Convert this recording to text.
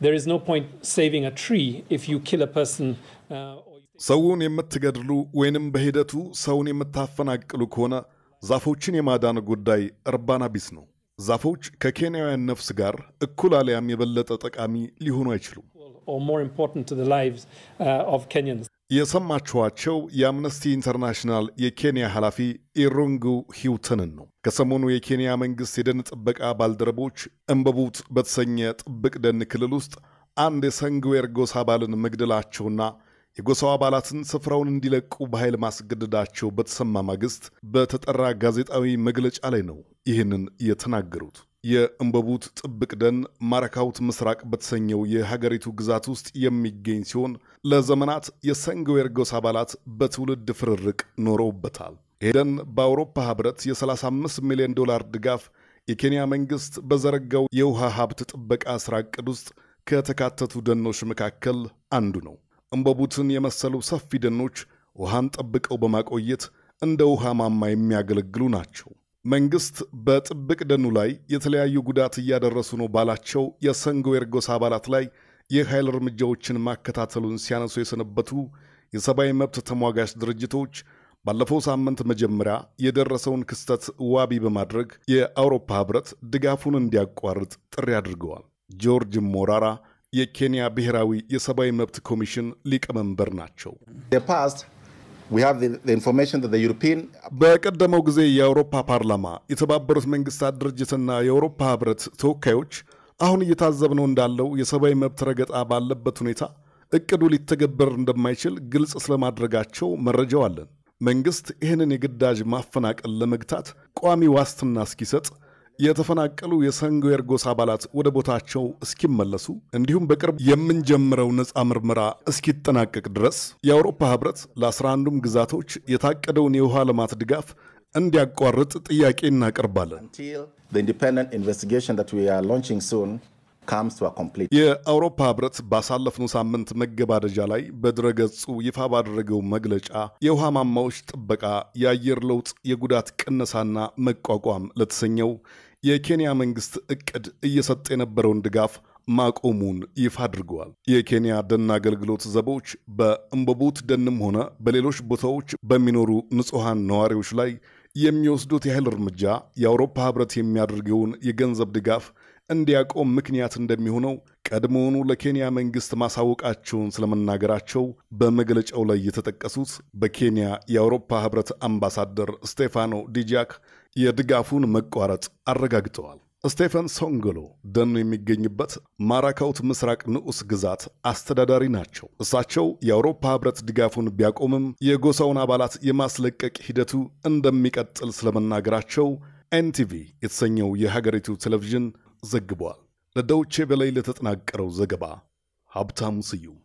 there is no point saving a tree if you kill a person. Uh, ሰውን የምትገድሉ ወይንም በሂደቱ ሰውን የምታፈናቅሉ ከሆነ ዛፎችን የማዳን ጉዳይ እርባና ቢስ ነው። ዛፎች ከኬንያውያን ነፍስ ጋር እኩል አሊያም የበለጠ ጠቃሚ ሊሆኑ አይችሉም። የሰማችኋቸው የአምነስቲ ኢንተርናሽናል የኬንያ ኃላፊ ኢሩንጉ ሂውተንን ነው። ከሰሞኑ የኬንያ መንግሥት የደን ጥበቃ ባልደረቦች እምበቡት በተሰኘ ጥብቅ ደን ክልል ውስጥ አንድ የሰንግዌር ጎሳ አባልን መግደላቸውና የጎሳው አባላትን ስፍራውን እንዲለቁ በኃይል ማስገደዳቸው በተሰማ ማግስት በተጠራ ጋዜጣዊ መግለጫ ላይ ነው ይህንን የተናገሩት። የእንበቡት ጥብቅ ደን ማረካውት ምስራቅ በተሰኘው የሀገሪቱ ግዛት ውስጥ የሚገኝ ሲሆን ለዘመናት የሰንግዌር ጎሳ አባላት በትውልድ ፍርርቅ ኖረውበታል። ይህ ደን በአውሮፓ ህብረት የ35 ሚሊዮን ዶላር ድጋፍ የኬንያ መንግሥት በዘረጋው የውሃ ሀብት ጥበቃ ሥራ ዕቅድ ውስጥ ከተካተቱ ደኖች መካከል አንዱ ነው። እንበቡትን የመሰሉ ሰፊ ደኖች ውሃን ጠብቀው በማቆየት እንደ ውሃ ማማ የሚያገለግሉ ናቸው። መንግስት በጥብቅ ደኑ ላይ የተለያዩ ጉዳት እያደረሱ ነው ባላቸው የሰንጎ ኤርጎሳ አባላት ላይ የኃይል እርምጃዎችን ማከታተሉን ሲያነሱ የሰነበቱ የሰብአዊ መብት ተሟጋች ድርጅቶች ባለፈው ሳምንት መጀመሪያ የደረሰውን ክስተት ዋቢ በማድረግ የአውሮፓ ህብረት ድጋፉን እንዲያቋርጥ ጥሪ አድርገዋል። ጆርጅ ሞራራ የኬንያ ብሔራዊ የሰብአዊ መብት ኮሚሽን ሊቀመንበር ናቸው። በቀደመው ጊዜ የአውሮፓ ፓርላማ፣ የተባበሩት መንግስታት ድርጅትና የአውሮፓ ህብረት ተወካዮች አሁን እየታዘብነው እንዳለው የሰብአዊ መብት ረገጣ ባለበት ሁኔታ እቅዱ ሊተገበር እንደማይችል ግልጽ ስለማድረጋቸው መረጃው አለን። መንግስት ይህንን የግዳጅ ማፈናቀል ለመግታት ቋሚ ዋስትና እስኪሰጥ የተፈናቀሉ የሰንጎ ኤርጎስ አባላት ወደ ቦታቸው እስኪመለሱ እንዲሁም በቅርብ የምንጀምረው ነፃ ምርመራ እስኪጠናቀቅ ድረስ የአውሮፓ ህብረት ለአስራ አንዱም ግዛቶች የታቀደውን የውሃ ልማት ድጋፍ እንዲያቋርጥ ጥያቄ እናቀርባለን። የአውሮፓ ህብረት ባሳለፍነው ሳምንት መገባደጃ ላይ በድረገጹ ይፋ ባደረገው መግለጫ የውሃ ማማዎች ጥበቃ፣ የአየር ለውጥ የጉዳት ቅነሳና መቋቋም ለተሰኘው የኬንያ መንግስት እቅድ እየሰጠ የነበረውን ድጋፍ ማቆሙን ይፋ አድርገዋል። የኬንያ ደን አገልግሎት ዘቦች በእምቦቦት ደንም ሆነ በሌሎች ቦታዎች በሚኖሩ ንጹሐን ነዋሪዎች ላይ የሚወስዱት የኃይል እርምጃ የአውሮፓ ህብረት የሚያደርገውን የገንዘብ ድጋፍ እንዲያቆም ምክንያት እንደሚሆነው ቀድሞውኑ ለኬንያ መንግስት ማሳወቃቸውን ስለመናገራቸው በመግለጫው ላይ የተጠቀሱት በኬንያ የአውሮፓ ህብረት አምባሳደር ስቴፋኖ ዲጃክ የድጋፉን መቋረጥ አረጋግጠዋል። ስቴፈን ሶንግሎ ደኑ የሚገኝበት ማራካውት ምስራቅ ንዑስ ግዛት አስተዳዳሪ ናቸው። እሳቸው የአውሮፓ ሕብረት ድጋፉን ቢያቆምም የጎሳውን አባላት የማስለቀቅ ሂደቱ እንደሚቀጥል ስለመናገራቸው ኤንቲቪ የተሰኘው የሀገሪቱ ቴሌቪዥን ዘግቧል። ለደውቼ በላይ ለተጠናቀረው ዘገባ ሀብታሙ ስዩም